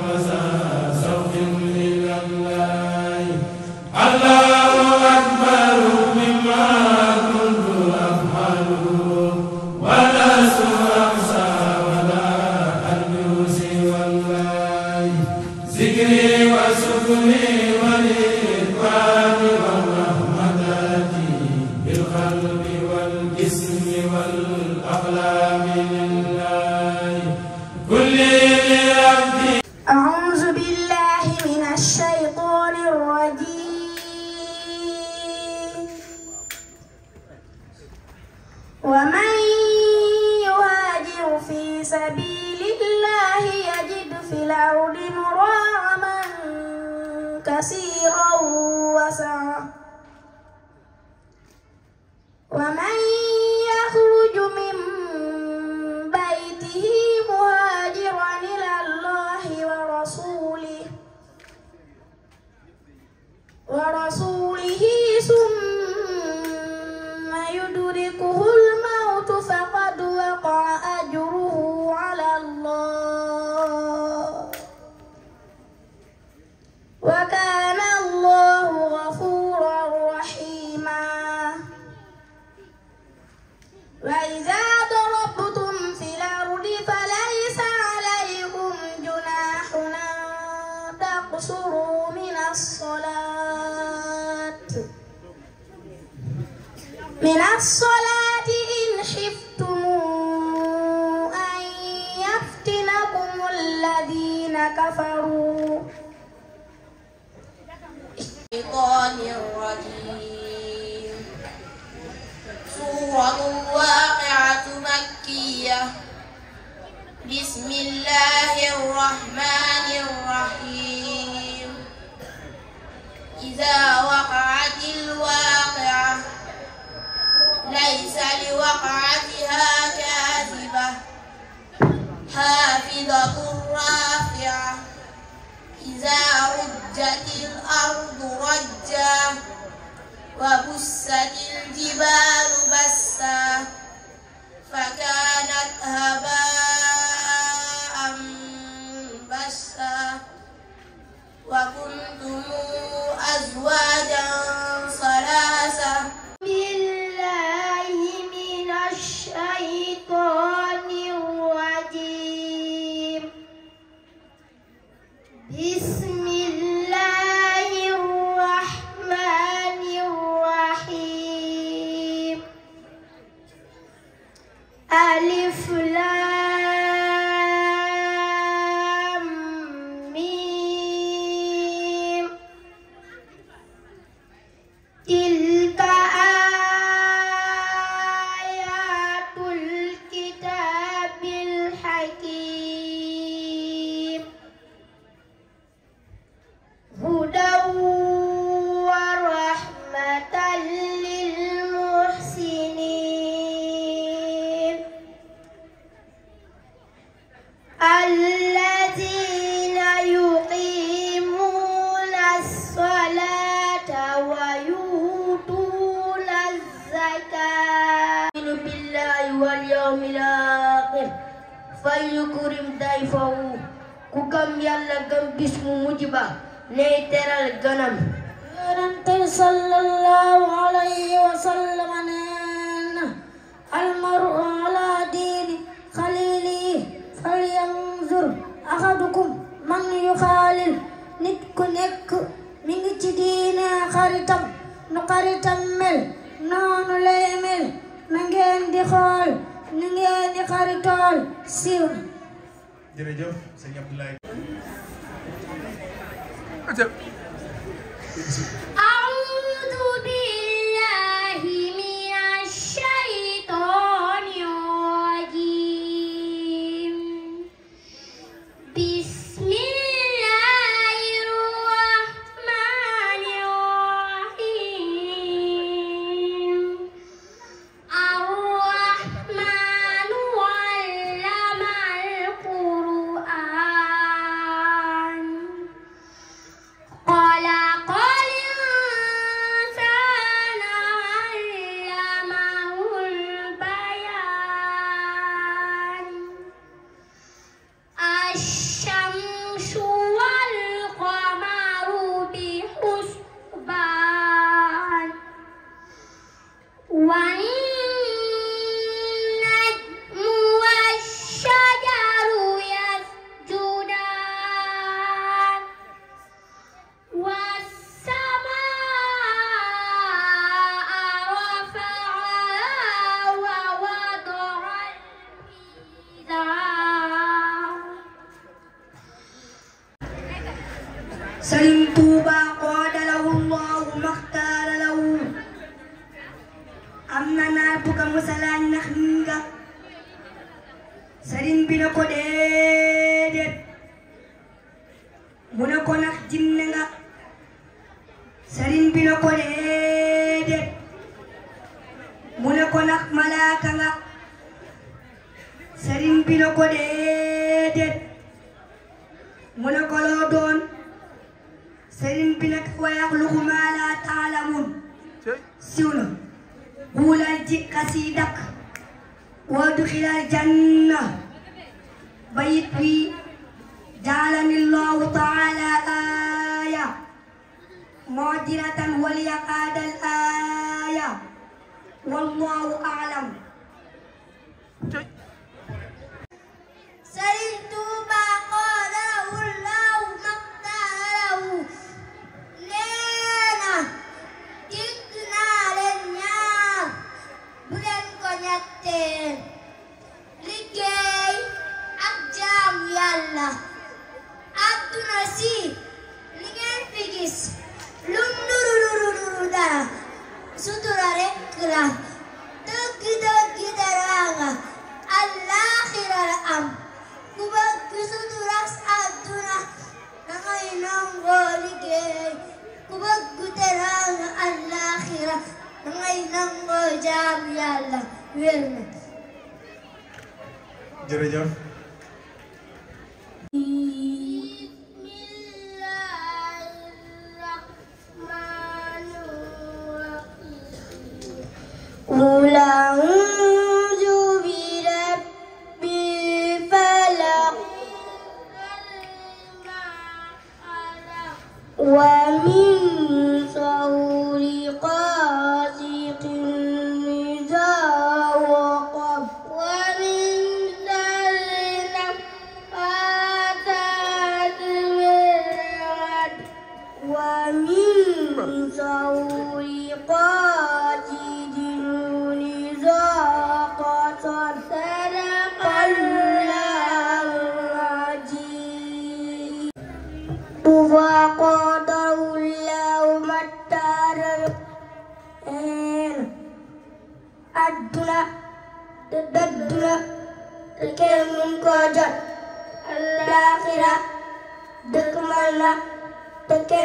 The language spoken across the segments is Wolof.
wa من الصلاة إن خفتم أن يفتنكم الذين كفروا الشيطان الرجيم سورة واقعة مكية بسم الله الرحمن الرحيم إذا وقعت الواقعة ليس لوقعتها كاذبة حافظة رافعة إذا رجت الأرض رجا وبست الجبال بسا فكانت ألف لام fal yukrim dayfahu ku gëm yàlla gëm bis mu mujj ba nay teral ganam yonente sallallahu alayhi wa sallam nee na jërëjëf sëñ Abdoulaye. سلم طوبى قال له الله ما اختار am na naar bu ko musalaa nax nga sëriñ bi na ko mu ne ko nax jinne nga sëriñ bi na mu ne ko nax malaaka nga sëriñ bi na mu ne ko loo sëriñ bi nag wa yaxluqu maa laa taalamuun siw na guulal ji xasiidak wa duxilal janna bayit wi jaalani llahu taala aaya mudiratan waliyaqaadal aaya wallahu aalam rekla dëgg dëgg daraanga allaaxira la am ku bëgg suturas àdduna dangay nangoo liggéey ku bëgg teraanga allaaxira dangay nangoo jaam yàlla wér na jërëjëf Love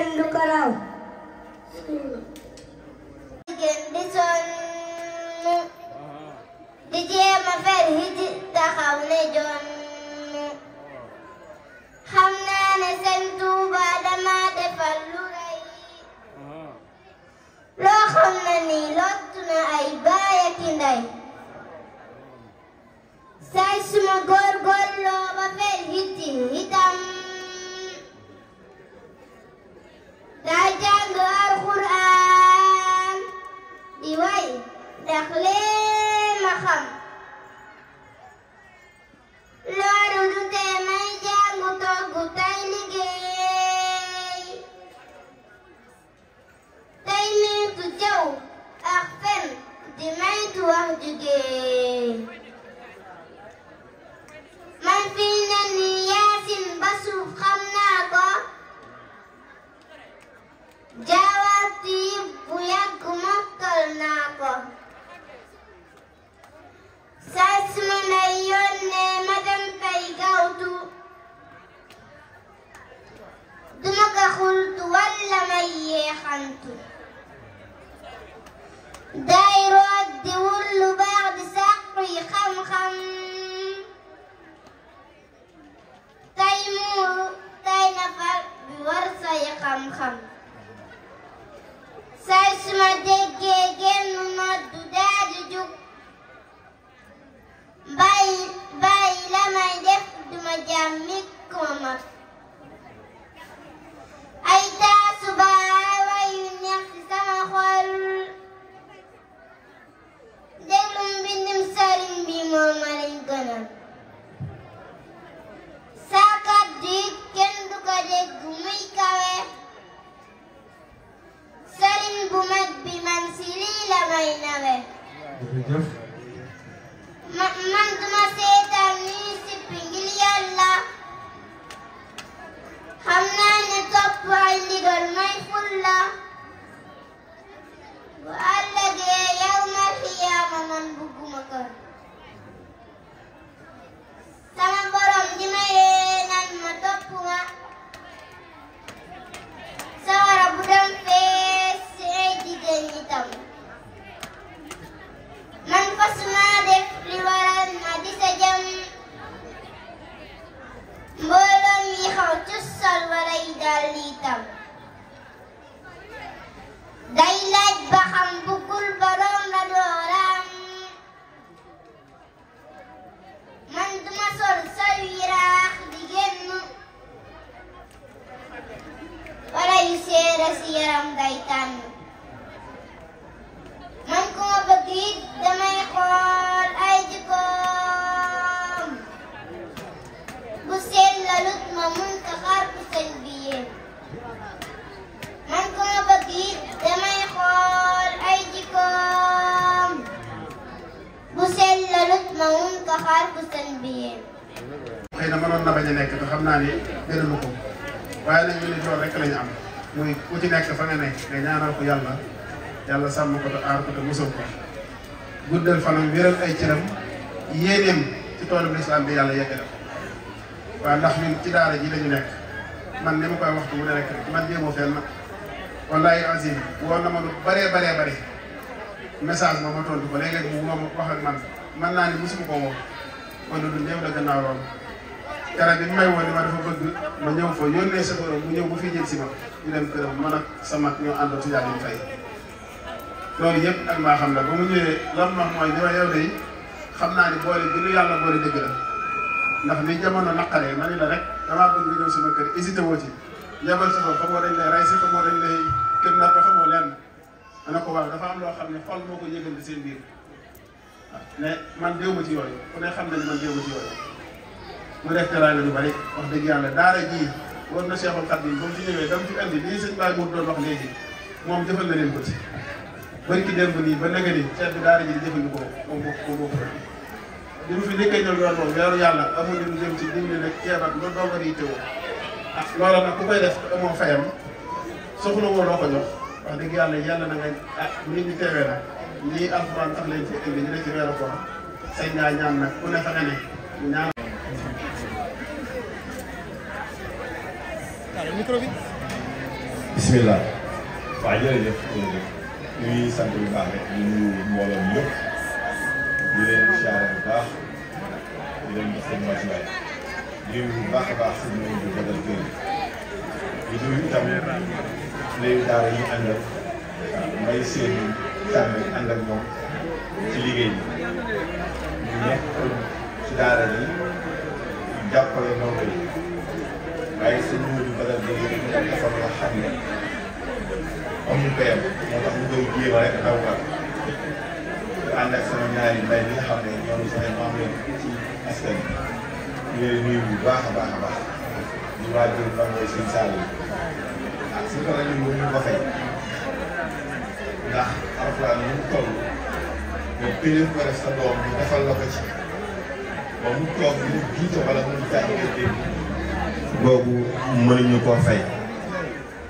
એમનું કરાવો bés ma déggee génn ma du ma may nawe. jërëjëf. ma man duma seetaan ministre bi ngir yàlla. xam naa ne topp ay ndigal may fulla. bu àllëgee yow ma xiyaama man bugguma kër. sama borom di e ma yee nan ma topp ma. la si yaram day tànn man ku ma bëgg it damay xool ay jikkoom bu seen la lut ma mun taxaar ku seen bi yéen man ku ma bëgg it damay xool ay jikkoom bu seen la lut ma mun taxaar ku seen bi yéen xëy na mënoon na bañ a nekk te xam naa ne gënalu ko waaye nag ñu ne joor rek lañu am muy ku ci nekk fa nga ne nga ñaanal ko yàlla yàlla sàmm ko te aar ko te musal ko guddal fanam wéral ay cëram yéeneem ci toolu lislaam bi yàlla yeggale ko waaw ndax ñun ci daara ji lañu nekk man ni ma koy waxtu mu ne rek man jéemoo fenn wallahi azim woon na ma lu baree bare message ma ma tontu ko léeg-léeg mu ma wax ak man man naa ne mosuma ko woo wala du néew la gannaaw loolu keroog bi may woon ni ma dafa bëgg ma ñëw fa yónnee sa borom mu ñëw bu fi jël si ma ñu dem këram man ak sama mag ñoo ànd ci yàlla ñu yëpp ak maa xam la ba mu ñëwee lan ma mooy li ma yow naa ni boole bi yàlla boole dëgg la ndax ni jamono naqaree ma ni la ñëw si ma xamoo dañ lay rey si xamoo dañ lay kër naka xamoo lenn dana ko wax dafa am loo xam ne xol moo ko yëgal seen biir waaw ah, man déwuma ci yooyu ku ne xam na ni man déwuma ci mu def teraanga lu bari wax dëgg yàlla daara jii war na Seexul Xadiim ba mu fi ñëwee dam fi andi lii sëñ Baay Góor doon wax léegi moom jëfal na leen ko ci bari ki démb nii ba nanga nii seet bi daara ji jëfandikoo li mu yàlla amuñu lu jëm ci digle nag ceeb ak lu doog a di teewoo ah loola nag ku koy def amoo fayam soxla woo loo ko jox wax dëgg yàlla yàlla na nga ah nit ñi teewee na lii alxuraan tax leen fi indi ñu ne ci weeru koor sañ ngaa ñaan nag ku ne fa ne ñaan bisimilah. waaw jërëjëf jërëjëf ñu ngi sant bu baax rek ñu nuyu mbooloo mi yëpp di leen siyaare bu baax di leen bu baax a baax si nuyu bu bëggal kër yi di nuyu itam léegi daara yi àndal may seen tànn ànd ak moom ci liggéey bi ñu ci daara yi jàppale ndongo yi waaye seen defar nga xam ne amul payam moo tax ñu ci askan bi ñu nuyu bu baax a baax a baax ñu waa jur ba mooy seen saal yi ak ah, su ko rajo bu ñu ko fay ndax mu toll nga péréb ko def sa doom bi defal la mu ñu koo fay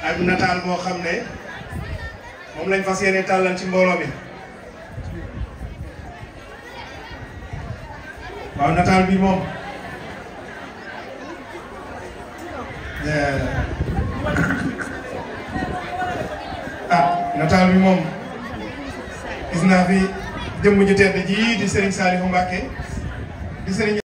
ak nataal boo xam ne moom lañ fa yéene tàllal ci mbooloo bi waaw nataal bi moom eh. ah nataal bi moom gis naa fi jëmm ju tedd ji di Serigne Saliou Mbacké di Serigne